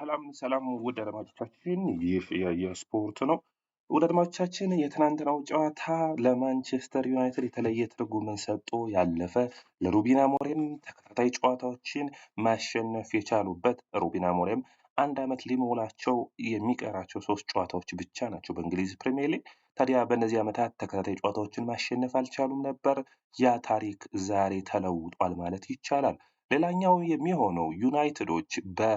ሰላም ሰላም ውድ አድማጮቻችን ይህ የስፖርት ነው። ውድ አድማጮቻችን የትናንትናው ጨዋታ ለማንቸስተር ዩናይትድ የተለየ ትርጉምን ሰጥቶ ያለፈ ለሩቢና አሞሪም ተከታታይ ጨዋታዎችን ማሸነፍ የቻሉበት ሩቢና አሞሪም አንድ ዓመት ሊሞላቸው የሚቀራቸው ሶስት ጨዋታዎች ብቻ ናቸው በእንግሊዝ ፕሪሚየር ሊግ። ታዲያ በእነዚህ ዓመታት ተከታታይ ጨዋታዎችን ማሸነፍ አልቻሉም ነበር። ያ ታሪክ ዛሬ ተለውጧል ማለት ይቻላል። ሌላኛው የሚሆነው ዩናይትዶች በ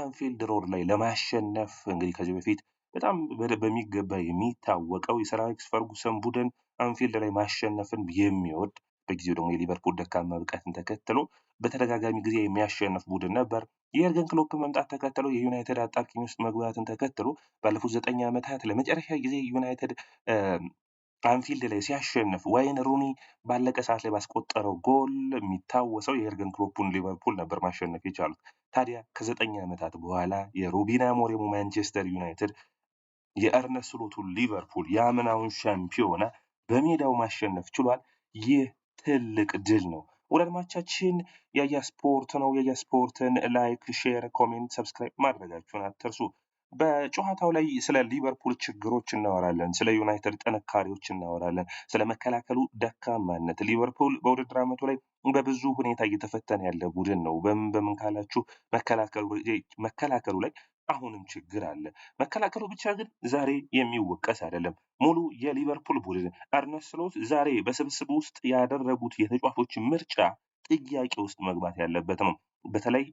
አንፊልድ ሮድ ላይ ለማሸነፍ እንግዲህ ከዚህ በፊት በጣም በሚገባ የሚታወቀው የሰር አሌክስ ፈርጉሰን ቡድን አንፊልድ ላይ ማሸነፍን የሚወድ በጊዜው ደግሞ የሊቨርፑል ደካማ ብቃትን ተከትሎ በተደጋጋሚ ጊዜ የሚያሸንፍ ቡድን ነበር። የኤርገን ክሎፕ መምጣት ተከትሎ የዩናይትድ አጣብቂኝ ውስጥ መግባትን ተከትሎ ባለፉት ዘጠኝ ዓመታት ለመጨረሻ ጊዜ ዩናይትድ አንፊልድ ላይ ሲያሸንፍ ዋይን ሩኒ ባለቀ ሰዓት ላይ ባስቆጠረው ጎል የሚታወሰው የኤርገን ክሎፑን ሊቨርፑል ነበር ማሸነፍ የቻሉት። ታዲያ ከዘጠኝ ዓመታት በኋላ የሩቢና አሞሪሙ ማንቸስተር ዩናይትድ የአርነ ስሎቱን ሊቨርፑል የአምናውን ሻምፒዮና በሜዳው ማሸነፍ ችሏል። ይህ ትልቅ ድል ነው። ወዳድማቻችን ያያ ስፖርት ነው። ያያ ስፖርትን ላይክ፣ ሼር፣ ኮሜንት፣ ሰብስክራይብ ማድረጋችሁን አትርሱ። በጨዋታው ላይ ስለ ሊቨርፑል ችግሮች እናወራለን፣ ስለ ዩናይትድ ጥንካሬዎች እናወራለን፣ ስለ መከላከሉ ደካማነት። ሊቨርፑል በውድድር ዓመቱ ላይ በብዙ ሁኔታ እየተፈተነ ያለ ቡድን ነው። በምን በምን ካላችሁ መከላከሉ ላይ አሁንም ችግር አለ። መከላከሉ ብቻ ግን ዛሬ የሚወቀስ አይደለም። ሙሉ የሊቨርፑል ቡድን አርነስሎት ዛሬ በስብስብ ውስጥ ያደረጉት የተጫዋቾች ምርጫ ጥያቄ ውስጥ መግባት ያለበት ነው። በተለይ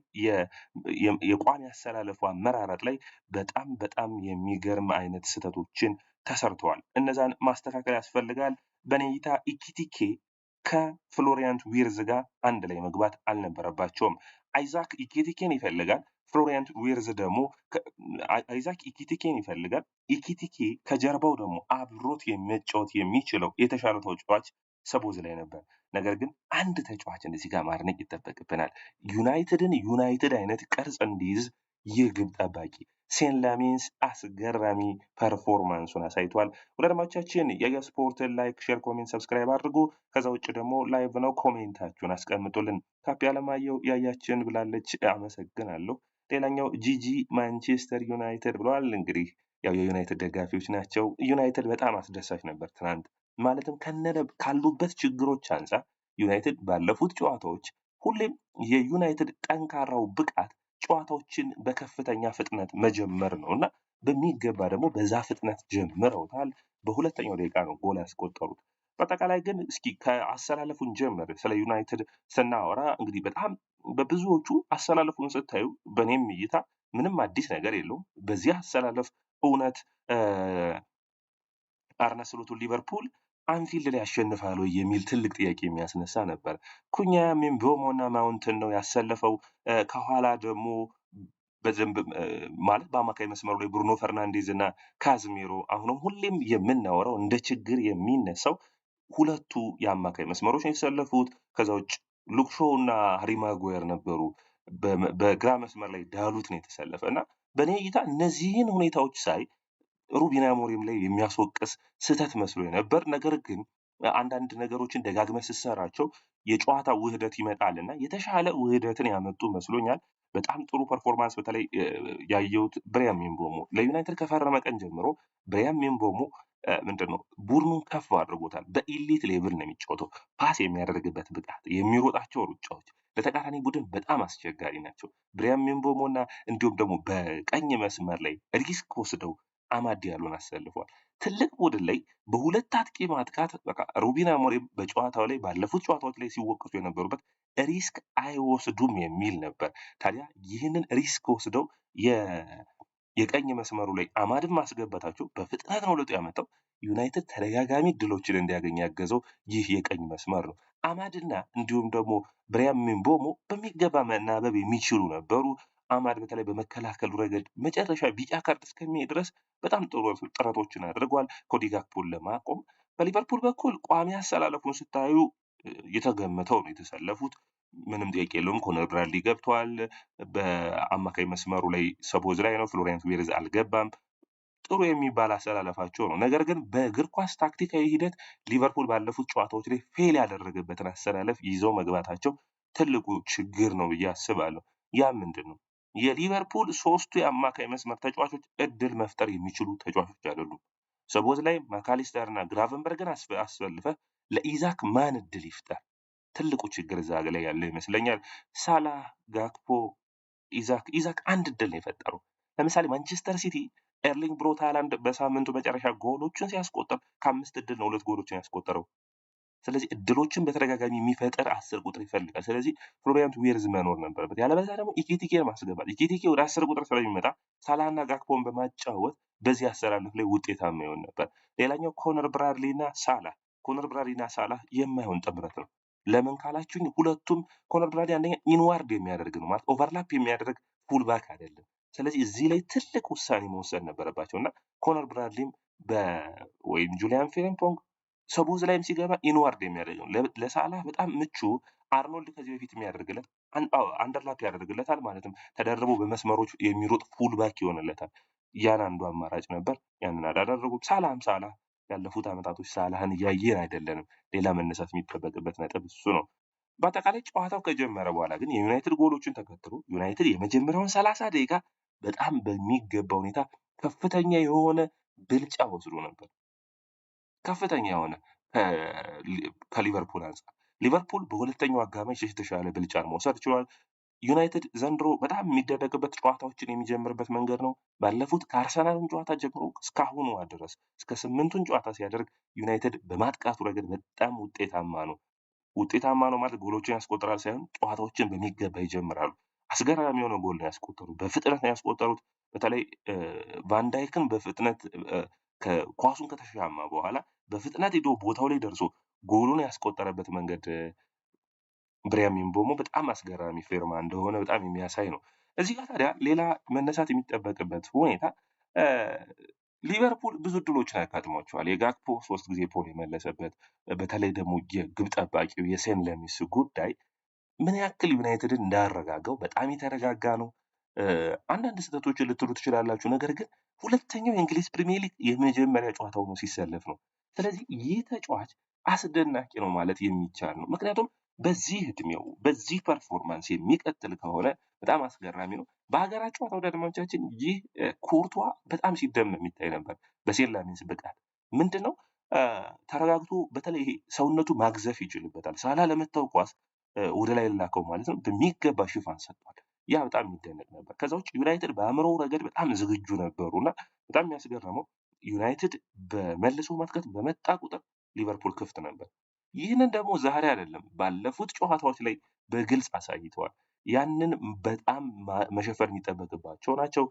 የቋሚ አሰላለፏ መራረጥ ላይ በጣም በጣም የሚገርም አይነት ስህተቶችን ተሰርተዋል። እነዛን ማስተካከል ያስፈልጋል። በኔ እይታ ኢኪቲኬ ከፍሎሪያንት ዊርዝ ጋር አንድ ላይ መግባት አልነበረባቸውም። አይዛክ ኢኪቲኬን ይፈልጋል። ፍሎሪያንት ዊርዝ ደግሞ አይዛክ ኢኪቲኬን ይፈልጋል። ኢኪቲኬ ከጀርባው ደግሞ አብሮት የመጫወት የሚችለው የተሻለ ተጫዋች ሰቦዝ ላይ ነበር። ነገር ግን አንድ ተጫዋችን እዚህ ጋር ማድነቅ ይጠበቅብናል። ዩናይትድን ዩናይትድ አይነት ቅርጽ እንዲይዝ ይህ ግብ ጠባቂ ሴን ላሚንስ አስገራሚ ፐርፎርማንሱን አሳይቷል። ወደ አድማጮቻችን ላይክ፣ ሼር፣ ኮሜንት፣ ሰብስክራይብ አድርጉ። ከዛ ውጭ ደግሞ ላይቭ ነው፣ ኮሜንታችሁን አስቀምጡልን። ካፒ አለማየሁ ያያችን ብላለች፣ አመሰግናለሁ። ሌላኛው ጂጂ ማንቸስተር ዩናይትድ ብለዋል። እንግዲህ ያው የዩናይትድ ደጋፊዎች ናቸው። ዩናይትድ በጣም አስደሳች ነበር ትናንት። ማለትም ከነለብ ካሉበት ችግሮች አንጻር ዩናይትድ ባለፉት ጨዋታዎች ሁሌም የዩናይትድ ጠንካራው ብቃት ጨዋታዎችን በከፍተኛ ፍጥነት መጀመር ነው እና በሚገባ ደግሞ በዛ ፍጥነት ጀምረውታል። በሁለተኛው ደቂቃ ነው ጎል ያስቆጠሩት። በአጠቃላይ ግን እስኪ ከአሰላለፉን ጀምር ስለ ዩናይትድ ስናወራ እንግዲህ በጣም በብዙዎቹ አሰላለፉን ስታዩ በእኔም እይታ ምንም አዲስ ነገር የለውም። በዚህ አሰላለፍ እውነት አርነ ስሎቱን ሊቨርፑል አንፊልድ ላይ ያሸንፋሉ የሚል ትልቅ ጥያቄ የሚያስነሳ ነበር። ኩኛ ምቤሞ እና ማውንትን ነው ያሰለፈው። ከኋላ ደግሞ በደንብ ማለት በአማካይ መስመሩ ላይ ብሩኖ ፈርናንዴዝ እና ካዝሚሮ፣ አሁንም ሁሌም የምናወራው እንደ ችግር የሚነሳው ሁለቱ የአማካይ መስመሮች ነው የተሰለፉት። ከዛ ውጭ ሉክሾ እና ሪማጎየር ነበሩ። በግራ መስመር ላይ ዳሉት ነው የተሰለፈ እና በእኔ እይታ እነዚህን ሁኔታዎች ሳይ ሩበን አሞሪም ላይ የሚያስወቅስ ስህተት መስሎ ነበር። ነገር ግን አንዳንድ ነገሮችን ደጋግመ ስትሰራቸው የጨዋታ ውህደት ይመጣል እና የተሻለ ውህደትን ያመጡ መስሎኛል። በጣም ጥሩ ፐርፎርማንስ በተለይ ያየሁት ብሪያም ምቤሞ ለዩናይትድ ከፈረመ ቀን ጀምሮ ብሪያም ምቤሞ ምንድን ነው ቡድኑን ከፍ አድርጎታል። በኢሊት ሌቭል ነው የሚጫወተው። ፓስ የሚያደርግበት ብቃት፣ የሚሮጣቸው ሩጫዎች ለተቃራኒ ቡድን በጣም አስቸጋሪ ናቸው። ብሪያም ምቦሞ እና እንዲሁም ደግሞ በቀኝ መስመር ላይ ሪስክ ወስደው አማዲ ያሉን አሰልፏል። ትልቅ ቡድን ላይ በሁለት አጥቂ ማጥቃት በቃ ሩቢን አሞሪም በጨዋታው ላይ ባለፉት ጨዋታዎች ላይ ሲወቀሱ የነበሩበት ሪስክ አይወስዱም የሚል ነበር። ታዲያ ይህንን ሪስክ ወስደው የቀኝ መስመሩ ላይ አማድን ማስገባታቸው በፍጥነት ነው ለውጥ ያመጣው። ዩናይትድ ተደጋጋሚ ድሎችን እንዲያገኝ ያገዘው ይህ የቀኝ መስመር ነው። አማድና እንዲሁም ደግሞ ብሪያም ምቦሞ በሚገባ መናበብ የሚችሉ ነበሩ። አማድ በተለይ በመከላከሉ ረገድ መጨረሻ ቢጫ ካርድ እስከሚሄድ ድረስ በጣም ጥሩ ጥረቶችን አድርጓል ኮዲ ጋክፖን ለማቆም። በሊቨርፑል በኩል ቋሚ አሰላለፉን ስታዩ የተገመተው ነው የተሰለፉት። ምንም ጥያቄ የለውም። ኮነር ብራድሊ ገብተዋል። በአማካይ መስመሩ ላይ ሰቦዝ ላይ ነው። ፍሎሪያን ቪርዝ አልገባም። ጥሩ የሚባል አሰላለፋቸው ነው። ነገር ግን በእግር ኳስ ታክቲካዊ ሂደት ሊቨርፑል ባለፉት ጨዋታዎች ላይ ፌል ያደረገበትን አሰላለፍ ይዘው መግባታቸው ትልቁ ችግር ነው ብዬ አስባለሁ። ያ ምንድን ነው? የሊቨርፑል ሶስቱ የአማካይ መስመር ተጫዋቾች እድል መፍጠር የሚችሉ ተጫዋቾች አይደሉም። ሰቦዝ ላይ ማካሊስተር እና ግራቨንበርግን አስፈልፈ ለኢዛክ ማን እድል ይፍጠር? ትልቁ ችግር እዛ ላይ ያለው ይመስለኛል። ሳላ፣ ጋክፖ፣ ኢዛክ ኢዛክ አንድ እድል ነው የፈጠረው። ለምሳሌ ማንቸስተር ሲቲ ኤርሊንግ ብሮት ሃላንድ በሳምንቱ መጨረሻ ጎሎችን ሲያስቆጠር ከአምስት እድል ነው ሁለት ጎሎችን ያስቆጠረው። ስለዚህ እድሎችን በተደጋጋሚ የሚፈጠር አስር ቁጥር ይፈልጋል። ስለዚህ ፍሎሪያንት ዊርዝ መኖር ነበረበት። ያለበዛ ደግሞ ኢኬቲኬ ማስገባት። ኢኬቲኬ ወደ አስር ቁጥር ስለሚመጣ ሳላና ጋክፖን በማጫወት በዚህ አሰላለፍ ላይ ውጤታማ ይሆን ነበር። ሌላኛው ኮነር ብራድሊና ሳላ ኮነር ብራድሊና ሳላ የማይሆን ጥምረት ነው። ለምን ካላችሁኝ ሁለቱም ኮነር ብራድሊ አንደኛ ኢንዋርድ የሚያደርግ ነው ማለት ኦቨርላፕ የሚያደርግ ፉልባክ አይደለም። ስለዚህ እዚህ ላይ ትልቅ ውሳኔ መውሰድ ነበረባቸው እና ኮነር ብራድሊም ወይም ጁሊያን ፌሬምፖንግ ሰቦዝ ላይም ሲገባ ኢንዋርድ የሚያደርግ ነው። ለሳላ በጣም ምቹ አርኖልድ ከዚህ በፊት የሚያደርግለት አንደርላፕ ያደርግለታል ማለትም ተደርቦ በመስመሮች የሚሮጥ ፉልባክ ይሆንለታል። ያን አንዱ አማራጭ ነበር። ያንን አላደረጉም። ሳላም ሳላ ያለፉት ዓመታቶች ሳላህን እያየን አይደለንም። ሌላ መነሳት የሚጠበቅበት ነጥብ እሱ ነው። በአጠቃላይ ጨዋታው ከጀመረ በኋላ ግን የዩናይትድ ጎሎችን ተከትሎ ዩናይትድ የመጀመሪያውን ሰላሳ ደቂቃ በጣም በሚገባ ሁኔታ ከፍተኛ የሆነ ብልጫ ወስዶ ነበር። ከፍተኛ የሆነ ከሊቨርፑል አንጻር ሊቨርፑል በሁለተኛው አጋማሽ የተሻለ ብልጫን መውሰድ ችሏል። ዩናይትድ ዘንድሮ በጣም የሚደረግበት ጨዋታዎችን የሚጀምርበት መንገድ ነው። ባለፉት ከአርሰናልን ጨዋታ ጀምሮ እስካሁኑ ድረስ እስከ ስምንቱን ጨዋታ ሲያደርግ ዩናይትድ በማጥቃቱ ረገድ በጣም ውጤታማ ነው። ውጤታማ ነው ማለት ጎሎችን ያስቆጥራል ሳይሆን ጨዋታዎችን በሚገባ ይጀምራሉ። አስገራሚ የሆነ ጎል ነው ያስቆጠሩት። በፍጥነት ነው ያስቆጠሩት። በተለይ ቫንዳይክን በፍጥነት ኳሱን ከተሻማ በኋላ በፍጥነት ሄዶ ቦታው ላይ ደርሶ ጎሉን ያስቆጠረበት መንገድ ብሪያም ምቤሞ በጣም አስገራሚ ፌርማ እንደሆነ በጣም የሚያሳይ ነው። እዚህ ጋር ታዲያ ሌላ መነሳት የሚጠበቅበት ሁኔታ ሊቨርፑል ብዙ እድሎችን ያጋጥሟቸዋል። የጋክፖ ሶስት ጊዜ ፖል የመለሰበት በተለይ ደግሞ የግብ ጠባቂው የሴን ለሚስ ጉዳይ ምን ያክል ዩናይትድን እንዳረጋጋው በጣም የተረጋጋ ነው። አንዳንድ ስህተቶችን ልትሉ ትችላላችሁ። ነገር ግን ሁለተኛው የእንግሊዝ ፕሪሚየር ሊግ የመጀመሪያ ጨዋታ ሆኖ ሲሰለፍ ነው። ስለዚህ ይህ ተጫዋች አስደናቂ ነው ማለት የሚቻል ነው። ምክንያቱም በዚህ እድሜው በዚህ ፐርፎርማንስ የሚቀጥል ከሆነ በጣም አስገራሚ ነው። በሀገራችን ጨዋታ ወደ አድማጮቻችን ይህ ኩርቷ በጣም ነው የሚታይ ነበር። በሴላሚንስ ብቃት ምንድን ነው ተረጋግቶ በተለይ ሰውነቱ ማግዘፍ ይችልበታል። ሳላ ለመታው ኳስ ወደ ላይ ላከው ማለት ነው። በሚገባ ሽፋን ሰጥቷል። ያ በጣም የሚደነቅ ነበር። ከዛ ውጭ ዩናይትድ በአእምሮ ረገድ በጣም ዝግጁ ነበሩ እና በጣም የሚያስገርመው ዩናይትድ በመልሶ ማጥቃት በመጣ ቁጥር ሊቨርፑል ክፍት ነበር። ይህንን ደግሞ ዛሬ አይደለም ባለፉት ጨዋታዎች ላይ በግልጽ አሳይተዋል። ያንን በጣም መሸፈር የሚጠበቅባቸው ናቸው።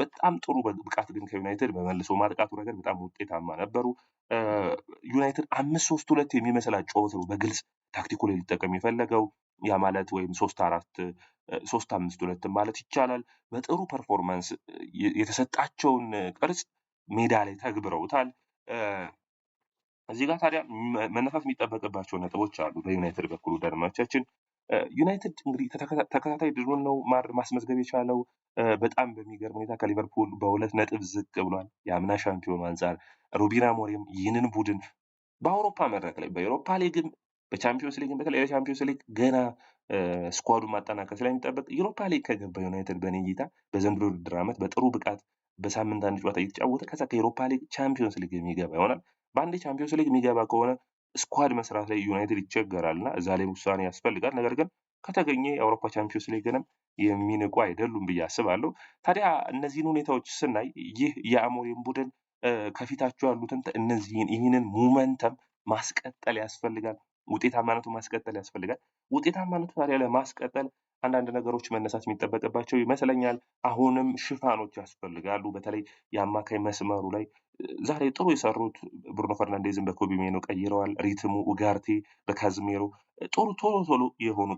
በጣም ጥሩ ብቃት ግን ከዩናይትድ በመልሶ ማጥቃቱ ረገድ በጣም ውጤታማ ነበሩ። ዩናይትድ አምስት ሶስት ሁለት የሚመስላት ነው በግልጽ ታክቲኩን ሊጠቀም የፈለገው ያ ማለት ወይም ሶስት አራት ሶስት አምስት ሁለት ማለት ይቻላል። በጥሩ ፐርፎርማንስ የተሰጣቸውን ቅርጽ ሜዳ ላይ ተግብረውታል። እዚህ ጋር ታዲያ መነፋት የሚጠበቅባቸው ነጥቦች አሉ። በዩናይትድ በኩል ደርማቻችን ዩናይትድ እንግዲህ ተከታታይ ድሉን ነው ማር ማስመዝገብ የቻለው በጣም በሚገርም ሁኔታ ከሊቨርፑል በሁለት ነጥብ ዝቅ ብሏል። የአምና ሻምፒዮን አንጻር ሩቢና አሞሪም ይህንን ቡድን በአውሮፓ መድረክ ላይ በአውሮፓ ሊግም በቻምፒዮንስ ሊግ በተለይ በቻምፒዮንስ ሊግ ገና ስኳዱ ማጠናከር ስለሚጠበቅ ዩሮፓ ሊግ ከገባ ዩናይትድ በኔ እይታ በዘንድሮ ውድድር ዓመት በጥሩ ብቃት በሳምንት አንድ ጨዋታ እየተጫወተ ከዛ ከዩሮፓ ሊግ ቻምፒዮንስ ሊግ የሚገባ ይሆናል። በአንድ ቻምፒዮንስ ሊግ የሚገባ ከሆነ ስኳድ መስራት ላይ ዩናይትድ ይቸገራል እና እዛ ላይ ውሳኔ ያስፈልጋል። ነገር ግን ከተገኘ የአውሮፓ ቻምፒዮንስ ግንም የሚንቁ አይደሉም ብዬ አስባለሁ። ታዲያ እነዚህን ሁኔታዎች ስናይ ይህ የአሞሪም ቡድን ከፊታቸው ያሉትን እነዚህን ይህንን ሙመንተም ማስቀጠል ያስፈልጋል። ውጤታማነቱ ማስቀጠል ያስፈልጋል። ውጤታማነቱ ታዲያ ለማስቀጠል አንዳንድ ነገሮች መነሳት የሚጠበቅባቸው ይመስለኛል። አሁንም ሽፋኖች ያስፈልጋሉ። በተለይ የአማካይ መስመሩ ላይ ዛሬ ጥሩ የሰሩት ብሩኖ ፈርናንዴዝን በኮቢሜኖ ቀይረዋል። ሪትሙ ኡጋርቴ በካዝሜሮ ጥሩ ቶሎ ቶሎ የሆኑ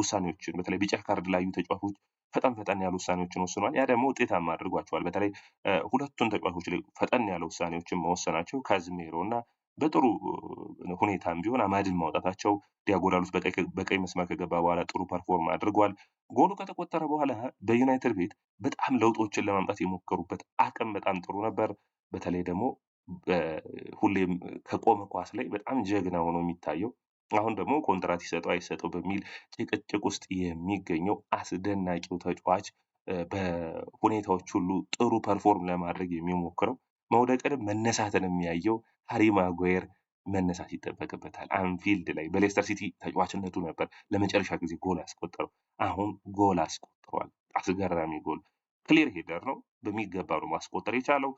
ውሳኔዎችን በተለይ ቢጫ ካርድ ላዩ ተጫዋቾች ፈጠን ፈጠን ያሉ ውሳኔዎችን ወስኗል። ያ ደግሞ ውጤታማ አድርጓቸዋል። በተለይ ሁለቱን ተጫዋቾች ላይ ፈጠን ያለ ውሳኔዎችን መወሰናቸው ካዝሜሮ እና በጥሩ ሁኔታም ቢሆን አማድን ማውጣታቸው ዲያጎላሉስ በቀይ መስመር ከገባ በኋላ ጥሩ ፐርፎርም አድርጓል። ጎሉ ከተቆጠረ በኋላ በዩናይትድ ቤት በጣም ለውጦችን ለማምጣት የሞከሩበት አቅም በጣም ጥሩ ነበር። በተለይ ደግሞ ሁሌም ከቆመ ኳስ ላይ በጣም ጀግና ሆኖ የሚታየው አሁን ደግሞ ኮንትራት ይሰጠው አይሰጠው በሚል ጭቅጭቅ ውስጥ የሚገኘው አስደናቂው ተጫዋች በሁኔታዎች ሁሉ ጥሩ ፐርፎርም ለማድረግ የሚሞክረው መውደቅንም መነሳትን የሚያየው ሃሪ ማጓየር መነሳት ይጠበቅበታል። አንፊልድ ላይ በሌስተር ሲቲ ተጫዋችነቱ ነበር ለመጨረሻ ጊዜ ጎል ያስቆጠረው። አሁን ጎል አስቆጥሯል። አስገራሚ ጎል ክሊር ሄደር ነው። በሚገባ ነው ማስቆጠር የቻለው።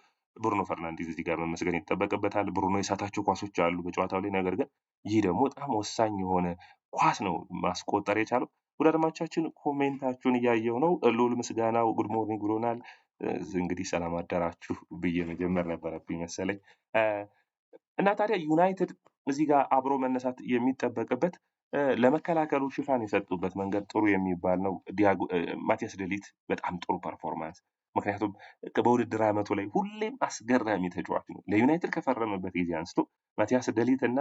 ብሩኖ ፈርናንዴዝ እዚህ ጋር መመስገን ይጠበቅበታል። ብሩኖ የሳታቸው ኳሶች አሉ በጨዋታው ላይ። ነገር ግን ይህ ደግሞ በጣም ወሳኝ የሆነ ኳስ ነው ማስቆጠር የቻለው። ወደ አድማቻችን ኮሜንታችሁን እያየው ነው። ሉል ምስጋናው ጉድ ሞርኒንግ ብሎናል። እንግዲህ ሰላም አደራችሁ ብዬ መጀመር ነበረብኝ መሰለኝ። እና ታዲያ ዩናይትድ እዚህ ጋር አብሮ መነሳት የሚጠበቅበት ለመከላከሉ ሽፋን የሰጡበት መንገድ ጥሩ የሚባል ነው። ማቲያስ ደሊት በጣም ጥሩ ፐርፎርማንስ ምክንያቱም በውድድር ዓመቱ ላይ ሁሌም አስገራሚ ተጫዋች ነው። ለዩናይትድ ከፈረመበት ጊዜ አንስቶ ማቲያስ ደሊት እና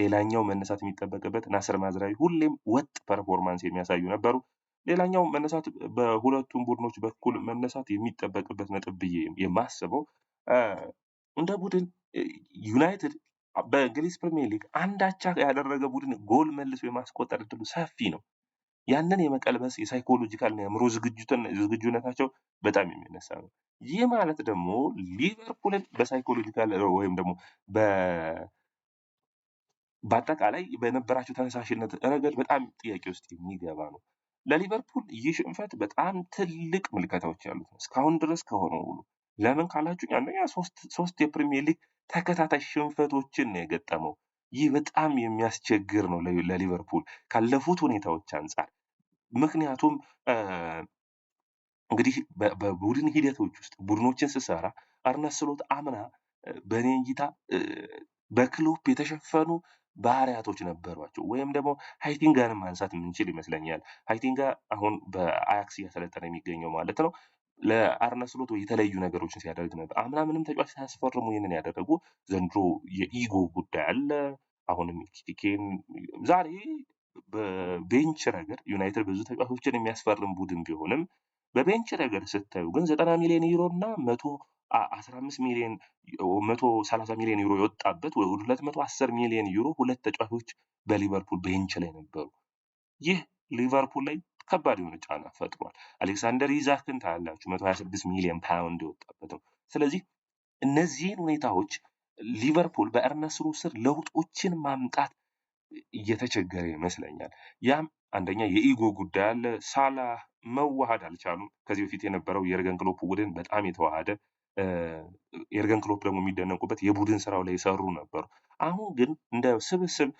ሌላኛው መነሳት የሚጠበቅበት ናስር ማዝራዊ ሁሌም ወጥ ፐርፎርማንስ የሚያሳዩ ነበሩ። ሌላኛው መነሳት በሁለቱም ቡድኖች በኩል መነሳት የሚጠበቅበት ነጥብ ብዬ የማስበው እንደ ቡድን ዩናይትድ በእንግሊዝ ፕሪሚየር ሊግ አንድ አቻ ያደረገ ቡድን ጎል መልሶ የማስቆጠር እድሉ ሰፊ ነው። ያንን የመቀልበስ የሳይኮሎጂካል እና የአእምሮ ዝግጁነታቸው በጣም የሚነሳ ነው። ይህ ማለት ደግሞ ሊቨርፑልን በሳይኮሎጂካል ወይም ደግሞ በአጠቃላይ በነበራቸው ተነሳሽነት ረገድ በጣም ጥያቄ ውስጥ የሚገባ ነው። ለሊቨርፑል ይህ ሽንፈት በጣም ትልቅ ምልከታዎች ያሉት ነው። እስካሁን ድረስ ከሆነው ሁሉ ለምን ካላችሁ አንደኛ ሶስት የፕሪሚየር ሊግ ተከታታይ ሽንፈቶችን ነው የገጠመው። ይህ በጣም የሚያስቸግር ነው ለሊቨርፑል ካለፉት ሁኔታዎች አንጻር። ምክንያቱም እንግዲህ በቡድን ሂደቶች ውስጥ ቡድኖችን ስሰራ አርነ ስሎት አምና በእኔ እይታ በክሎፕ የተሸፈኑ ባህሪያቶች ነበሯቸው ወይም ደግሞ ሃይቲንጋን ማንሳት የምንችል ይመስለኛል። ሃይቲንጋ አሁን በአያክስ እያሰለጠነ የሚገኘው ማለት ነው። ለአርነ ስሎት የተለዩ ነገሮችን ሲያደርግ ነበር። አምና ምንም ተጫዋች ሳያስፈርሙ ይህንን ያደረጉ፣ ዘንድሮ የኢጎ ጉዳይ አለ። አሁንም ኬን ዛሬ በቤንች ረገድ ዩናይትድ ብዙ ተጫዋቾችን የሚያስፈርም ቡድን ቢሆንም በቤንች ረገድ ስታዩ ግን ዘጠና ሚሊዮን ዩሮ እና መቶ አስራ አምስት ሚሊዮን መቶ ሰላሳ ሚሊዮን ዩሮ የወጣበት ሁለት መቶ አስር ሚሊዮን ዩሮ ሁለት ተጫዋቾች በሊቨርፑል ቤንች ላይ ነበሩ። ይህ ሊቨርፑል ላይ ከባድ የሆነ ጫና ፈጥሯል። አሌክሳንደር ይዛክን ታያላችሁ፣ 126 ሚሊዮን ፓውንድ የወጣበት ነው። ስለዚህ እነዚህን ሁኔታዎች ሊቨርፑል በእርነስሩ ስር ለውጦችን ማምጣት እየተቸገረ ይመስለኛል። ያም አንደኛ የኢጎ ጉዳይ አለ። ሳላ መዋሃድ አልቻሉም። ከዚህ በፊት የነበረው የርገን ክሎፕ ቡድን በጣም የተዋሃደ የርገን ክሎፕ ደግሞ የሚደነቁበት የቡድን ስራው ላይ የሰሩ ነበሩ። አሁን ግን እንደ ስብስብ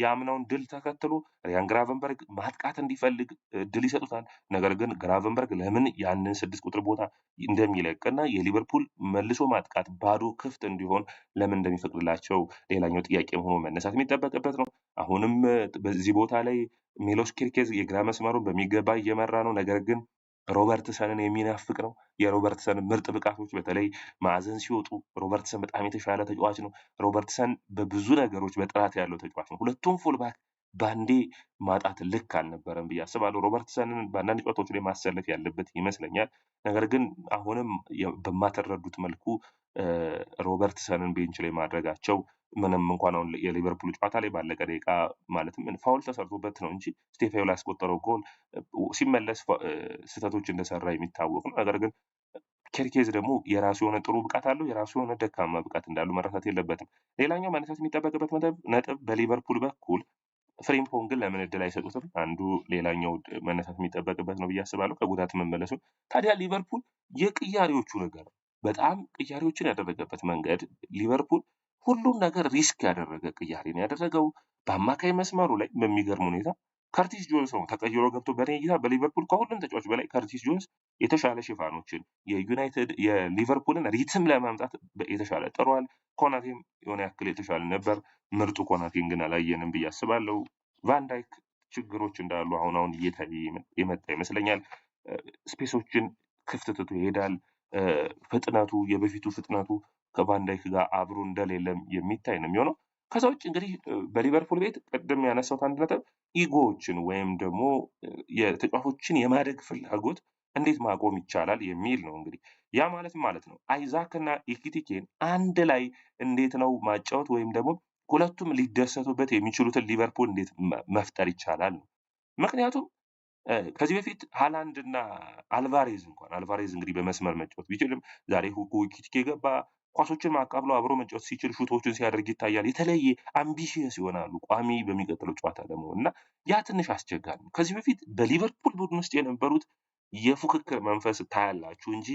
የአምናውን ድል ተከትሎ ሪያን ግራቨንበርግ ማጥቃት እንዲፈልግ ድል ይሰጡታል። ነገር ግን ግራቨንበርግ ለምን ያንን ስድስት ቁጥር ቦታ እንደሚለቅና የሊቨርፑል መልሶ ማጥቃት ባዶ ክፍት እንዲሆን ለምን እንደሚፈቅድላቸው ሌላኛው ጥያቄ ሆኖ መነሳት የሚጠበቅበት ነው። አሁንም በዚህ ቦታ ላይ ሜሎስ ኪርኬዝ የግራ መስመሩን በሚገባ እየመራ ነው። ነገር ግን ሮበርትሰንን የሚናፍቅ ነው። የሮበርትሰን ምርጥ ብቃቶች በተለይ ማዕዘን ሲወጡ ሮበርትሰን በጣም የተሻለ ተጫዋች ነው። ሮበርትሰን በብዙ ነገሮች በጥራት ያለው ተጫዋች ነው። ሁለቱም ፉልባክ ባንዴ ማጣት ልክ አልነበረም ብዬ አስባለሁ። ሮበርትሰንን በአንዳንድ ጨዋታዎች ላይ ማሰለፍ ያለበት ይመስለኛል። ነገር ግን አሁንም በማትረዱት መልኩ ሮበርትሰንን ቤንች ላይ ማድረጋቸው ምንም እንኳን አሁን የሊቨርፑል ጨዋታ ላይ ባለቀ ደቂቃ ማለትም ፋውል ተሰርቶበት ነው እንጂ ስቴፋዮ ላይ ያስቆጠረው ጎል ሲመለስ ስህተቶች እንደሰራ የሚታወቅ ነው። ነገር ግን ኬርኬዝ ደግሞ የራሱ የሆነ ጥሩ ብቃት አለው፣ የራሱ የሆነ ደካማ ብቃት እንዳሉ መረሳት የለበትም። ሌላኛው መነሳት የሚጠበቅበት ነጥብ በሊቨርፑል በኩል ፍሪምፖንግን ለምን እድል አይሰጡትም? አንዱ ሌላኛው መነሳት የሚጠበቅበት ነው ብዬ አስባለሁ። ከጉዳት መመለሱ ታዲያ ሊቨርፑል የቅያሪዎቹ ነገር በጣም ቅያሪዎችን ያደረገበት መንገድ ሊቨርፑል ሁሉን ነገር ሪስክ ያደረገ ቅያሬ ነው ያደረገው። በአማካይ መስመሩ ላይ በሚገርም ሁኔታ ከርቲስ ጆንስ ነው ተቀይሮ ገብቶ በኔ እይታ በሊቨርፑል ከሁሉም ተጫዋች በላይ ከርቲስ ጆንስ የተሻለ ሽፋኖችን የዩናይትድ የሊቨርፑልን ሪትም ለማምጣት የተሻለ ጥሯል። ኮናቴም የሆነ ያክል የተሻለ ነበር። ምርጡ ኮናቴን ግን አላየንም ብዬ አስባለሁ። ቫንዳይክ ችግሮች እንዳሉ አሁን አሁን እየታየ የመጣ ይመስለኛል። ስፔሶችን ክፍት ትቶ ይሄዳል። ፍጥነቱ የበፊቱ ፍጥነቱ ከቫንዳይክ ጋር አብሮ እንደሌለም የሚታይ ነው የሚሆነው። ከዛ ውጭ እንግዲህ በሊቨርፑል ቤት ቅድም ያነሳሁት አንድ ነጥብ ኢጎዎችን ወይም ደግሞ የተጫዋቾችን የማደግ ፍላጎት እንዴት ማቆም ይቻላል የሚል ነው። እንግዲህ ያ ማለት ማለት ነው አይዛክ እና ኢኪቲኬን አንድ ላይ እንዴት ነው ማጫወት ወይም ደግሞ ሁለቱም ሊደሰቱበት የሚችሉትን ሊቨርፑል እንዴት መፍጠር ይቻላል ነው። ምክንያቱም ከዚህ በፊት ሃላንድ እና አልቫሬዝ እንኳን አልቫሬዝ እንግዲህ በመስመር መጫወት ቢችልም ዛሬ ኢኪቲኬ ገባ፣ ኳሶችን ማቃብለው አብሮ መጫወት ሲችል ሹቶችን ሲያደርግ ይታያል። የተለየ አምቢሽየስ ይሆናሉ ቋሚ በሚቀጥለው ጨዋታ ደግሞ እና ያ ትንሽ አስቸጋሪ ነው። ከዚህ በፊት በሊቨርፑል ቡድን ውስጥ የነበሩት የፉክክር መንፈስ ታያላችሁ እንጂ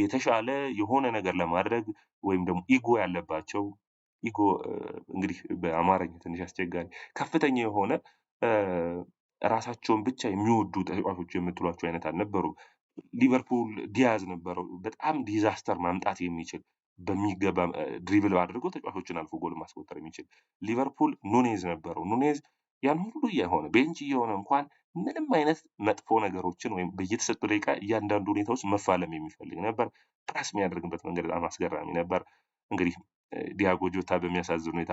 የተሻለ የሆነ ነገር ለማድረግ ወይም ደግሞ ኢጎ ያለባቸው ኢጎ እንግዲህ በአማርኛ ትንሽ አስቸጋሪ ከፍተኛ የሆነ ራሳቸውን ብቻ የሚወዱ ተጫዋቾች የምትሏቸው አይነት አልነበሩም። ሊቨርፑል ዲያዝ ነበረው፣ በጣም ዲዛስተር ማምጣት የሚችል በሚገባ ድሪብል አድርጎ ተጫዋቾችን አልፎ ጎል ማስቆጠር የሚችል ሊቨርፑል ኑኔዝ ነበረው። ኑኔዝ ያን ሁሉ እየሆነ ቤንች እየሆነ እንኳን ምንም አይነት መጥፎ ነገሮችን ወይም በየተሰጡ ደቂቃ እያንዳንዱ ሁኔታ ውስጥ መፋለም የሚፈልግ ነበር። ፕራስ የሚያደርግበት መንገድ በጣም አስገራሚ ነበር። እንግዲህ ዲያጎ ጆታ በሚያሳዝን ሁኔታ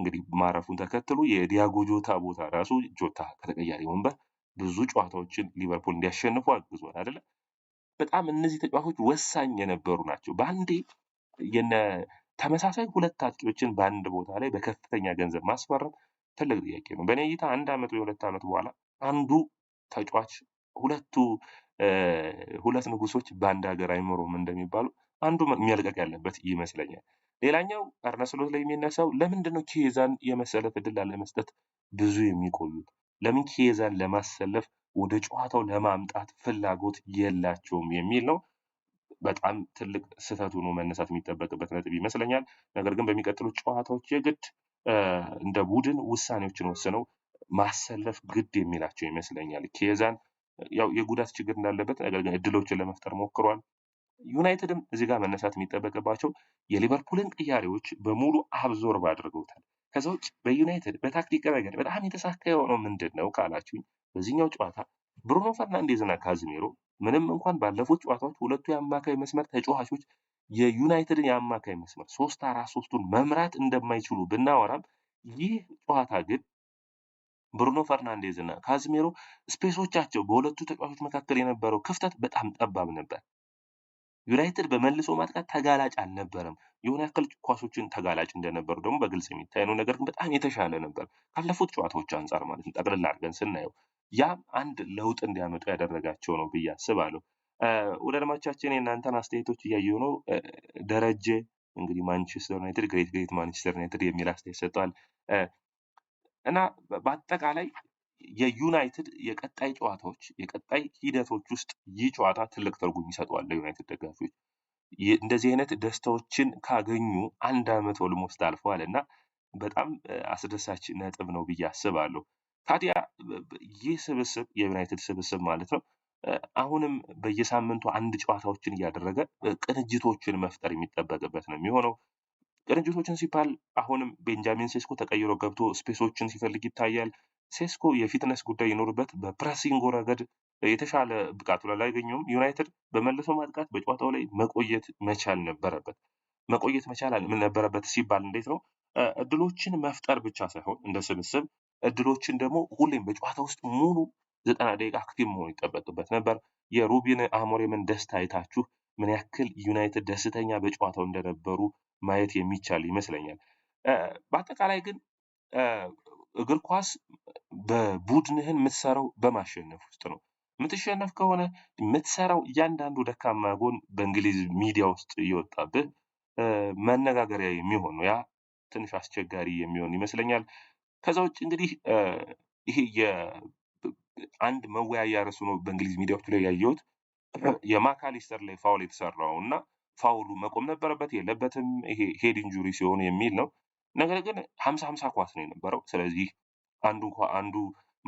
እንግዲህ ማረፉን ተከትሎ የዲያጎ ጆታ ቦታ ራሱ ጆታ ከተቀያሪ ወንበር ብዙ ጨዋታዎችን ሊቨርፑል እንዲያሸንፉ አግዟል አይደለም። በጣም እነዚህ ተጫዋቾች ወሳኝ የነበሩ ናቸው። በአንዴ ተመሳሳይ ሁለት አጥቂዎችን በአንድ ቦታ ላይ በከፍተኛ ገንዘብ ማስፈረም ትልቅ ጥያቄ ነው። በእኔ እይታ አንድ ዓመት ወይ ሁለት ዓመት በኋላ አንዱ ተጫዋች ሁለቱ ሁለት ንጉሶች በአንድ ሀገር አይኖሩም እንደሚባሉ አንዱ የሚያልቀቅ ያለበት ይመስለኛል። ሌላኛው አርነ ላይ የሚነሳው ለምንድን ነው ኪዛን የመሰለፍ እድል ለመስጠት ብዙ የሚቆዩት? ለምን ኪዛን ለማሰለፍ ወደ ጨዋታው ለማምጣት ፍላጎት የላቸውም የሚል ነው። በጣም ትልቅ ስህተት ሆኖ መነሳት የሚጠበቅበት ነጥብ ይመስለኛል። ነገር ግን በሚቀጥሉት ጨዋታዎች የግድ እንደ ቡድን ውሳኔዎችን ወስነው ማሰለፍ ግድ የሚላቸው ይመስለኛል። ኬዛን ያው የጉዳት ችግር እንዳለበት ነገር ግን እድሎችን ለመፍጠር ሞክሯል። ዩናይትድም እዚህ ጋር መነሳት የሚጠበቅባቸው የሊቨርፑልን ቅያሬዎች በሙሉ አብዞርብ አድርገውታል። ከዛ ውጭ በዩናይትድ በታክቲክ ነገር በጣም የተሳካ የሆነው ምንድን ነው ካላችሁኝ፣ በዚህኛው ጨዋታ ብሩኖ ፈርናንዴዝና ካዝሜሮ ምንም እንኳን ባለፉት ጨዋታዎች ሁለቱ የአማካይ መስመር ተጫዋቾች የዩናይትድን የአማካይ መስመር ሶስት አራት ሶስቱን መምራት እንደማይችሉ ብናወራም ይህ ጨዋታ ግን ብሩኖ ፈርናንዴዝ እና ካዝሜሮ ስፔሶቻቸው በሁለቱ ተጫዋቾች መካከል የነበረው ክፍተት በጣም ጠባብ ነበር። ዩናይትድ በመልሶ ማጥቃት ተጋላጭ አልነበረም። የሆነ ያክል ኳሶችን ተጋላጭ እንደነበሩ ደግሞ በግልጽ የሚታይ ነው። ነገር ግን በጣም የተሻለ ነበር ካለፉት ጨዋታዎች አንጻር ማለት ነው ጠቅልል አድርገን ስናየው ያም አንድ ለውጥ እንዲያመጡ ያደረጋቸው ነው ብዬ አስባለሁ። ወደ አድማቻችን የእናንተን አስተያየቶች እያየሁ ነው። ደረጀ እንግዲህ ማንቸስተር ዩናይትድ ግሬት ግሬት ማንቸስተር ዩናይትድ የሚል አስተያየት ሰጥቷል። እና በአጠቃላይ የዩናይትድ የቀጣይ ጨዋታዎች የቀጣይ ሂደቶች ውስጥ ይህ ጨዋታ ትልቅ ትርጉም ይሰጠዋል ለዩናይትድ ደጋፊዎች። እንደዚህ አይነት ደስታዎችን ካገኙ አንድ አመት ኦልሞስት አልፈዋል እና በጣም አስደሳች ነጥብ ነው ብዬ አስባለሁ። ታዲያ ይህ ስብስብ የዩናይትድ ስብስብ ማለት ነው አሁንም በየሳምንቱ አንድ ጨዋታዎችን እያደረገ ቅንጅቶችን መፍጠር የሚጠበቅበት ነው የሚሆነው። ቅንጅቶችን ሲባል አሁንም ቤንጃሚን ሴስኮ ተቀይሮ ገብቶ ስፔሶችን ሲፈልግ ይታያል። ሴስኮ የፊትነስ ጉዳይ ይኖርበት፣ በፕረሲንጎ ረገድ የተሻለ ላይ አላገኘውም። ዩናይትድ በመልሶ ማጥቃት በጨዋታው ላይ መቆየት መቻል ነበረበት። መቆየት መቻል ነበረበት ሲባል እንዴት ነው እድሎችን መፍጠር ብቻ ሳይሆን እንደ ስብስብ እድሎችን ደግሞ ሁሌም በጨዋታ ውስጥ ሙሉ ዘጠና ደቂቃ አክቲቭ መሆን ይጠበቅበት ነበር። የሩቢን አሞሪምን ደስታ አይታችሁ ምን ያክል ዩናይትድ ደስተኛ በጨዋታው እንደነበሩ ማየት የሚቻል ይመስለኛል። በአጠቃላይ ግን እግር ኳስ በቡድንህን የምትሰራው በማሸነፍ ውስጥ ነው። የምትሸነፍ ከሆነ የምትሰራው እያንዳንዱ ደካማ ጎን በእንግሊዝ ሚዲያ ውስጥ እየወጣብህ መነጋገሪያ የሚሆን ያ ትንሽ አስቸጋሪ የሚሆን ይመስለኛል። ከዛ ውጭ እንግዲህ ይሄ አንድ መወያያ ርዕሱ ነው በእንግሊዝ ሚዲያዎቹ ላይ ያየሁት የማካሊስተር ላይ ፋውል የተሰራው እና ፋውሉ መቆም ነበረበት የለበትም ይሄ ሄድ ኢንጁሪ ሲሆን የሚል ነው። ነገር ግን ሀምሳ ሀምሳ ኳስ ነው የነበረው። ስለዚህ አንዱ አንዱ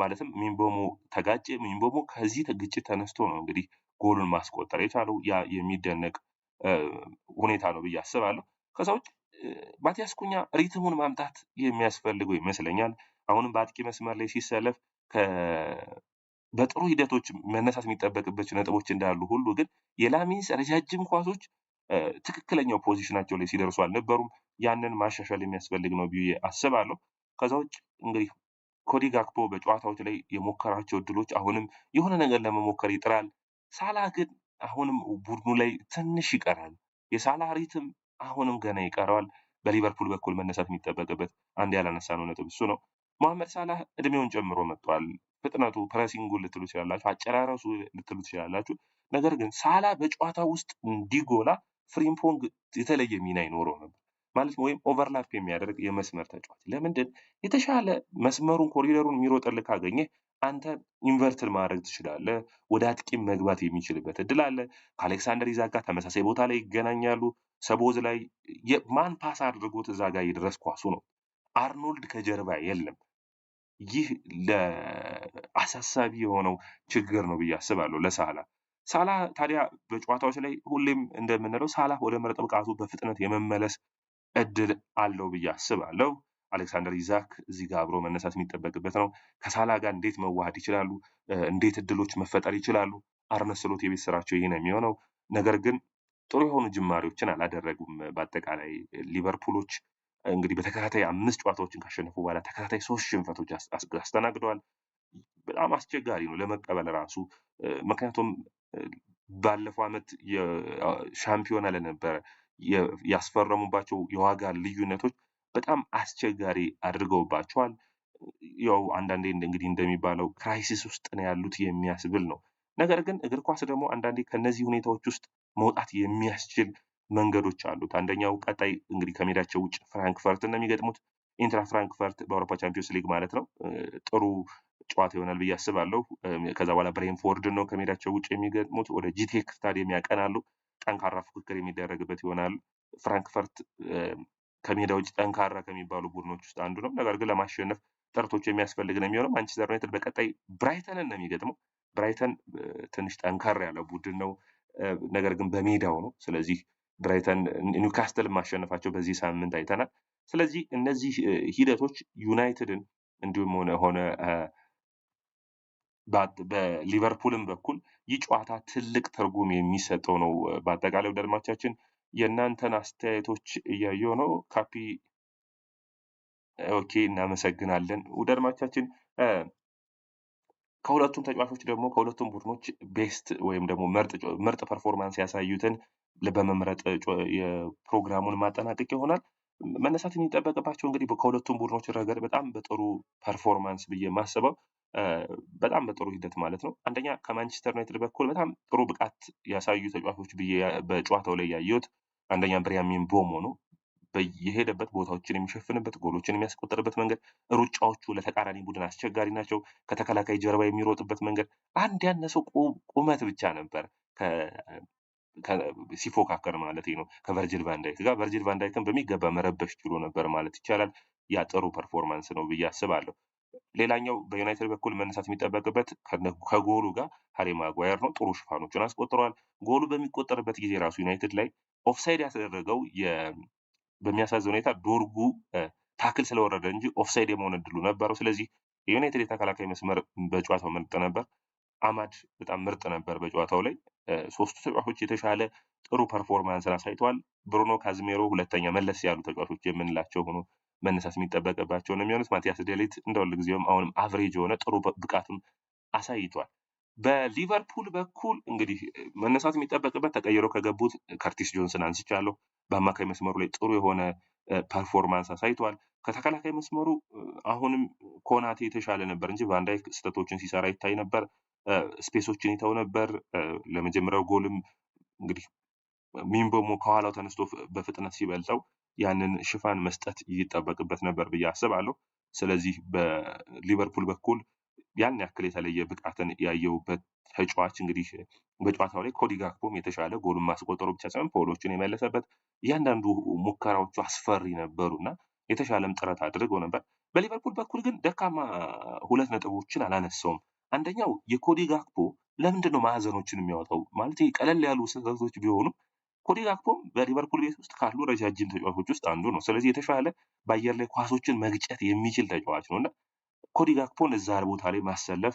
ማለትም ሚንቦሞ ተጋጭ ሚንቦሞ ከዚህ ግጭት ተነስቶ ነው እንግዲህ ጎሉን ማስቆጠር የቻለው ያ የሚደነቅ ሁኔታ ነው ብዬ አስባለሁ። ከዛ ማቲያስ ኩኛ ሪትሙን ማምጣት የሚያስፈልገው ይመስለኛል። አሁንም በአጥቂ መስመር ላይ ሲሰለፍ በጥሩ ሂደቶች መነሳት የሚጠበቅበት ነጥቦች እንዳሉ ሁሉ ግን የላሚንስ ረጃጅም ኳሶች ትክክለኛው ፖዚሽናቸው ላይ ሲደርሱ አልነበሩም። ያንን ማሻሻል የሚያስፈልግ ነው ብዬ አስባለሁ። ከዛ ውጭ እንግዲህ ኮዲ ጋክፖ በጨዋታዎች ላይ የሞከራቸው እድሎች አሁንም የሆነ ነገር ለመሞከር ይጥራል። ሳላ ግን አሁንም ቡድኑ ላይ ትንሽ ይቀራል። የሳላ ሪትም አሁንም ገና ይቀረዋል። በሊቨርፑል በኩል መነሳት የሚጠበቅበት አንድ ያላነሳ ነው ነጥብ እሱ ነው። መሐመድ ሳላህ እድሜውን ጨምሮ መጥቷል። ፍጥነቱ፣ ፕረሲንጉ ልትሉ ትችላላችሁ፣ አጨራረሱ ልትሉ ትችላላችሁ። ነገር ግን ሳላ በጨዋታ ውስጥ እንዲጎላ ፍሪምፖንግ የተለየ ሚና ይኖረው ነበር ማለት ወይም ኦቨርላፕ የሚያደርግ የመስመር ተጫዋች ለምንድን የተሻለ መስመሩን ኮሪደሩን የሚሮጥልህ ካገኘ አንተ ኢንቨርትል ማድረግ ትችላለህ። ወደ አጥቂም መግባት የሚችልበት እድል አለ። ከአሌክሳንደር ይዛጋ ተመሳሳይ ቦታ ላይ ይገናኛሉ። ሰቦዝ ላይ ማን ፓስ አድርጎት እዛ ጋር ይድረስ ኳሱ ነው። አርኖልድ ከጀርባ የለም። ይህ አሳሳቢ የሆነው ችግር ነው ብዬ አስባለሁ ለሳላ ሳላ ታዲያ በጨዋታዎች ላይ ሁሌም እንደምንለው ሳላ ወደ ምርጥ ብቃቱ በፍጥነት የመመለስ እድል አለው ብዬ አስባለሁ። አሌክሳንደር ይዛክ እዚህ ጋር አብሮ መነሳት የሚጠበቅበት ነው። ከሳላ ጋር እንዴት መዋሃድ ይችላሉ? እንዴት እድሎች መፈጠር ይችላሉ? አርነስሎት የቤት ስራቸው ይህ ነው የሚሆነው። ነገር ግን ጥሩ የሆኑ ጅማሬዎችን አላደረጉም። በአጠቃላይ ሊቨርፑሎች እንግዲህ በተከታታይ አምስት ጨዋታዎችን ካሸነፉ በኋላ ተከታታይ ሶስት ሽንፈቶች አስተናግደዋል። በጣም አስቸጋሪ ነው ለመቀበል ራሱ ምክንያቱም ባለፈው ዓመት ሻምፒዮና ለነበረ ያስፈረሙባቸው የዋጋ ልዩነቶች በጣም አስቸጋሪ አድርገውባቸዋል። ያው አንዳንዴ እንግዲህ እንደሚባለው ክራይሲስ ውስጥ ነው ያሉት የሚያስብል ነው። ነገር ግን እግር ኳስ ደግሞ አንዳንዴ ከነዚህ ሁኔታዎች ውስጥ መውጣት የሚያስችል መንገዶች አሉት። አንደኛው ቀጣይ እንግዲህ ከሜዳቸው ውጭ ፍራንክፈርት ነው የሚገጥሙት። ኢንትራ ፍራንክፈርት በአውሮፓ ቻምፒዮንስ ሊግ ማለት ነው ጥሩ ጨዋታ ይሆናል ብዬ አስባለሁ። ከዛ በኋላ ብሬንፎርድን ነው ከሜዳቸው ውጭ የሚገጥሙት። ወደ ጂቴክ ስታዲየም ያቀናሉ። ጠንካራ ፉክክር የሚደረግበት ይሆናል። ፍራንክፈርት ከሜዳ ውጭ ጠንካራ ከሚባሉ ቡድኖች ውስጥ አንዱ ነው። ነገር ግን ለማሸነፍ ጥረቶች የሚያስፈልግ ነው የሚሆነው። ማንቸስተር ዩናይትድ በቀጣይ ብራይተንን ነው የሚገጥመው። ብራይተን ትንሽ ጠንካራ ያለ ቡድን ነው። ነገር ግን በሜዳው ነው። ስለዚህ ብራይተን ኒውካስትል ማሸነፋቸው በዚህ ሳምንት አይተናል። ስለዚህ እነዚህ ሂደቶች ዩናይትድን እንዲሁም ሆነ ሆነ በሊቨርፑልም በኩል ይህ ጨዋታ ትልቅ ትርጉም የሚሰጠው ነው። በአጠቃላይ ወደ አድማቻችን የእናንተን አስተያየቶች እያየው ነው። ካፒ ኦኬ፣ እናመሰግናለን ወደ አድማቻችን ከሁለቱም ተጫዋቾች ደግሞ ከሁለቱም ቡድኖች ቤስት ወይም ደግሞ ምርጥ ፐርፎርማንስ ያሳዩትን በመምረጥ የፕሮግራሙን ማጠናቀቅ ይሆናል። መነሳት የሚጠበቅባቸው እንግዲህ ከሁለቱም ቡድኖች ረገድ በጣም በጥሩ ፐርፎርማንስ ብዬ ማስበው በጣም በጥሩ ሂደት ማለት ነው። አንደኛ ከማንቸስተር ዩናይትድ በኩል በጣም ጥሩ ብቃት ያሳዩ ተጫዋቾች ብዬ በጨዋታው ላይ ያየሁት አንደኛ ብሪያሚን ቦሞ ነው። በየሄደበት ቦታዎችን የሚሸፍንበት ጎሎችን የሚያስቆጠርበት መንገድ፣ ሩጫዎቹ ለተቃራኒ ቡድን አስቸጋሪ ናቸው። ከተከላካይ ጀርባ የሚሮጥበት መንገድ አንድ ያነሰው ቁመት ብቻ ነበር ሲፎካከር ማለት ነው ከቨርጅል ቫንዳይክ ጋር። ቨርጅል ቫንዳይክን በሚገባ መረበሽ ችሎ ነበር ማለት ይቻላል። ያ ጥሩ ፐርፎርማንስ ነው ብዬ አስባለሁ። ሌላኛው በዩናይትድ በኩል መነሳት የሚጠበቅበት ከጎሉ ጋር ሀሪ ማጓየር ነው። ጥሩ ሽፋኖችን አስቆጥረዋል። ጎሉ በሚቆጠርበት ጊዜ ራሱ ዩናይትድ ላይ ኦፍሳይድ ያስደረገው በሚያሳዝን ሁኔታ ዶርጉ ታክል ስለወረደ እንጂ ኦፍሳይድ የመሆን እድሉ ነበረው። ስለዚህ የዩናይትድ የተከላካይ መስመር በጨዋታው ምርጥ ነበር። አማድ በጣም ምርጥ ነበር በጨዋታው ላይ። ሶስቱ ተጫዋቾች የተሻለ ጥሩ ፐርፎርማንስን አሳይተዋል። ብሩኖ ካዝሜሮ ሁለተኛ፣ መለስ ያሉ ተጫዋቾች የምንላቸው ሆኖ መነሳት የሚጠበቅባቸው ነው የሚሆኑት። ማቲያስ ዴሊት እንደ ሁልጊዜውም አሁንም አቨሬጅ የሆነ ጥሩ ብቃቱን አሳይቷል። በሊቨርፑል በኩል እንግዲህ መነሳት የሚጠበቅበት ተቀይሮ ከገቡት ከርቲስ ጆንስን አንስቻለሁ። በአማካይ መስመሩ ላይ ጥሩ የሆነ ፐርፎርማንስ አሳይተዋል። ከተከላካይ መስመሩ አሁንም ኮናቴ የተሻለ ነበር እንጂ ቫን ስህተቶችን ሲሰራ ይታይ ነበር። ስፔሶችን ይተው ነበር። ለመጀመሪያው ጎልም እንግዲህ ሚንቦሞ ከኋላው ተነስቶ በፍጥነት ሲበልጠው ያንን ሽፋን መስጠት ይጠበቅበት ነበር ብዬ አስባለሁ። ስለዚህ በሊቨርፑል በኩል ያን ያክል የተለየ ብቃትን ያየውበት ተጫዋች እንግዲህ በጨዋታው ላይ ኮዲ ጋክፖም የተሻለ ጎሉን ማስቆጠሩ ብቻ ሳይሆን ፖሎችን የመለሰበት እያንዳንዱ ሙከራዎቹ አስፈሪ እና የተሻለም ጥረት አድርገው ነበር። በሊቨርፑል በኩል ግን ደካማ ሁለት ነጥቦችን አላነሳውም። አንደኛው የኮዲ ጋክፖ ለምንድን ነው ማዕዘኖችን የሚያወጣው? ማለት ቀለል ያሉ ስህተቶች ቢሆኑም ኮዲ ጋክፖም በሊቨርፑል ቤት ውስጥ ካሉ ረጃጅም ተጫዋቾች ውስጥ አንዱ ነው። ስለዚህ የተሻለ በአየር ላይ ኳሶችን መግጨት የሚችል ተጫዋች ነው እና ኮዲ ጋክፖን እዛ ቦታ ላይ ማሰለፍ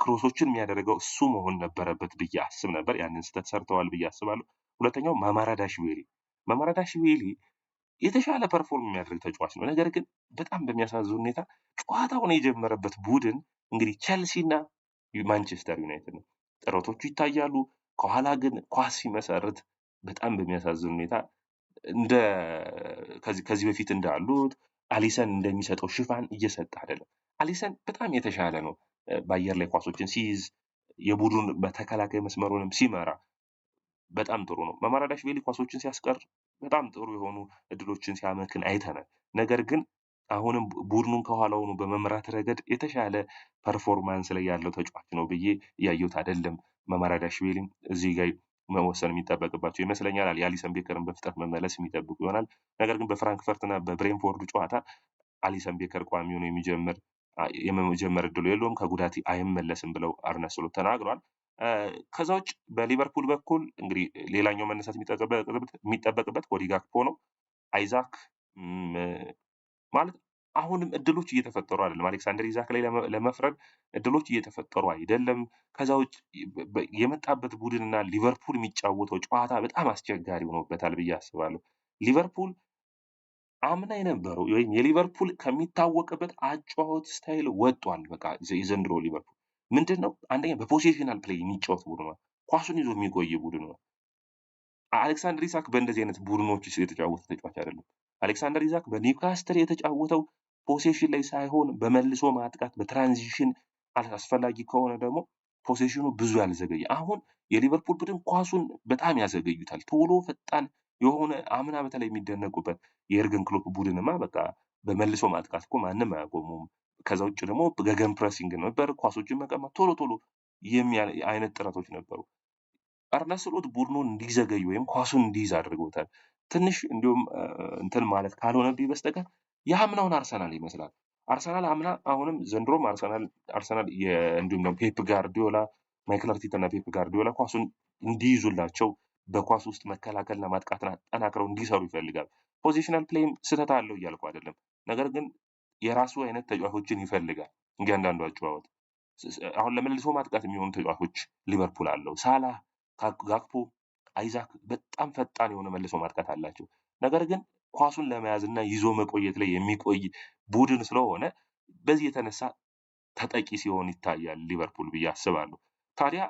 ክሮሶችን የሚያደርገው እሱ መሆን ነበረበት ብዬ አስብ ነበር። ያንን ስህተት ሰርተዋል ብዬ አስባለሁ። ሁለተኛው ማማራ ዳሽቪሊ ማማራ ዳሽቪሊ የተሻለ ፐርፎርም የሚያደርግ ተጫዋች ነው። ነገር ግን በጣም በሚያሳዝን ሁኔታ ጨዋታውን የጀመረበት ቡድን እንግዲህ ቸልሲ እና ማንቸስተር ዩናይትድ ነው። ጥረቶቹ ይታያሉ። ከኋላ ግን ኳስ ሲመሰርት በጣም በሚያሳዝን ሁኔታ ከዚህ በፊት እንዳሉት አሊሰን እንደሚሰጠው ሽፋን እየሰጠ አይደለም። አሊሰን በጣም የተሻለ ነው። በአየር ላይ ኳሶችን ሲይዝ የቡድን በተከላካይ መስመሩንም ሲመራ በጣም ጥሩ ነው። ማማራዳሽቪሊ ኳሶችን ሲያስቀር በጣም ጥሩ የሆኑ እድሎችን ሲያመክን አይተናል። ነገር ግን አሁንም ቡድኑን ከኋላ ሆኖ በመምራት ረገድ የተሻለ ፐርፎርማንስ ላይ ያለው ተጫዋች ነው ብዬ እያየሁት አይደለም። ማማራዳሽቪሊም እዚህ ጋር መወሰን የሚጠበቅባቸው ይመስለኛል። የአሊሰን ቤከርን በፍጥነት መመለስ የሚጠብቁ ይሆናል። ነገር ግን በፍራንክፈርትና በብሬንፎርዱ ጨዋታ አሊሰን ቤከር ቋሚ ሆኖ የሚጀምር የመጀመር እድሉ የለውም ከጉዳት አይመለስም ብለው አርነ ስሎት ተናግሯል። ከዛ ውጭ በሊቨርፑል በኩል እንግዲህ ሌላኛው መነሳት የሚጠበቅበት ኮዲ ጋክፖ ነው። አይዛክ ማለት አሁንም እድሎች እየተፈጠሩ አይደለም። አሌክሳንደር ኢዛክ ላይ ለመፍረድ እድሎች እየተፈጠሩ አይደለም። ከዛ ውጭ የመጣበት ቡድንና ሊቨርፑል የሚጫወተው ጨዋታ በጣም አስቸጋሪ ሆኖበታል ብዬ አስባለሁ። ሊቨርፑል አምና የነበረው ወይም የሊቨርፑል ከሚታወቅበት አጫወት ስታይል ወጧል በቃ የዘንድሮ ሊቨርፑል ምንድን ነው? አንደኛ በፖሴሽናል ፕሌይ የሚጫወት ቡድን ነው። ኳሱን ይዞ የሚቆይ ቡድን ነው። አሌክሳንደር ኢሳክ በእንደዚህ አይነት ቡድኖች የተጫወተ ተጫዋች አይደለም። አሌክሳንደር ኢዛክ በኒውካስትል የተጫወተው ፖሴሽን ላይ ሳይሆን በመልሶ ማጥቃት በትራንዚሽን አስፈላጊ ከሆነ ደግሞ ፖሴሽኑ ብዙ ያልዘገየ። አሁን የሊቨርፑል ቡድን ኳሱን በጣም ያዘገዩታል። ቶሎ ፈጣን የሆነ አምና በተለይ የሚደነቁበት የእርግን ክሎፕ ቡድንማ በቃ በመልሶ ማጥቃት እኮ ማንም አያቆሙም። ከዛ ውጭ ደግሞ ገገን ፕረሲንግ ነበር፣ ኳሶችን መቀማት ቶሎ ቶሎ አይነት ጥረቶች ነበሩ። አርነ ስሎት ቡድኑን እንዲዘገዩ ወይም ኳሱን እንዲይዝ አድርገውታል። ትንሽ እንዲሁም እንትን ማለት ካልሆነብኝ በስተቀር የአምናውን አርሰናል ይመስላል። አርሰናል አምና አሁንም ዘንድሮም አርሰናል እንዲሁም ደግሞ ፔፕ ጋርዲዮላ ማይክል ፔፕ ጋርዲዮላ ኳሱን እንዲይዙላቸው በኳስ ውስጥ መከላከልና ማጥቃትን አጠናክረው እንዲሰሩ ይፈልጋል። ፖዚሽናል ፕሌይም ስህተት አለው እያልኩ አይደለም፣ ነገር ግን የራሱ አይነት ተጫዋቾችን ይፈልጋል። እያንዳንዱ አጨዋወት አሁን ለመልሶ ማጥቃት የሚሆኑ ተጫዋቾች ሊቨርፑል አለው። ሳላ፣ ጋክፖ፣ አይዛክ በጣም ፈጣን የሆነ መልሶ ማጥቃት አላቸው። ነገር ግን ኳሱን ለመያዝ እና ይዞ መቆየት ላይ የሚቆይ ቡድን ስለሆነ በዚህ የተነሳ ተጠቂ ሲሆን ይታያል ሊቨርፑል ብዬ አስባለሁ። ታዲያ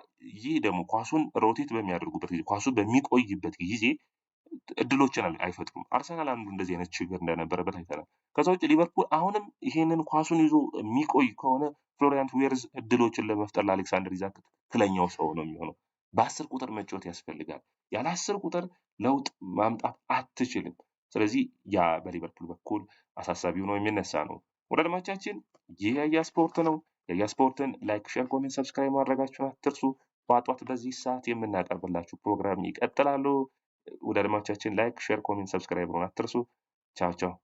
ይህ ደግሞ ኳሱን ሮቴት በሚያደርጉበት ጊዜ ኳሱ በሚቆይበት ጊዜ እድሎችን አይፈጥሩም። አርሰናል አንዱ እንደዚህ አይነት ችግር እንደነበረበት አይተናል። ከዛ ውጭ ሊቨርፑል አሁንም ይሄንን ኳሱን ይዞ የሚቆይ ከሆነ ፍሎሪያንት ዌርዝ እድሎችን ለመፍጠር ለአሌክሳንደር ይዛክ ትክክለኛው ሰው ነው የሚሆነው። በአስር ቁጥር መጫወት ያስፈልጋል። ያለ አስር ቁጥር ለውጥ ማምጣት አትችልም። ስለዚህ ያ በሊቨርፑል በኩል አሳሳቢ ሆኖ የሚነሳ ነው። ወደ አድማቻችን ይህ ያያ ስፖርት ነው። ያያ ስፖርትን ላይክ፣ ሼር፣ ኮሜንት፣ ሰብስክራይብ ማድረጋችሁን አትርሱ። በአጧት በዚህ ሰዓት የምናቀርብላችሁ ፕሮግራም ይቀጥላሉ። ወደ አድማቻችን ላይክ፣ ሼር፣ ኮሜንት፣ ሰብስክራይብ አትርሱ። ቻው ቻው።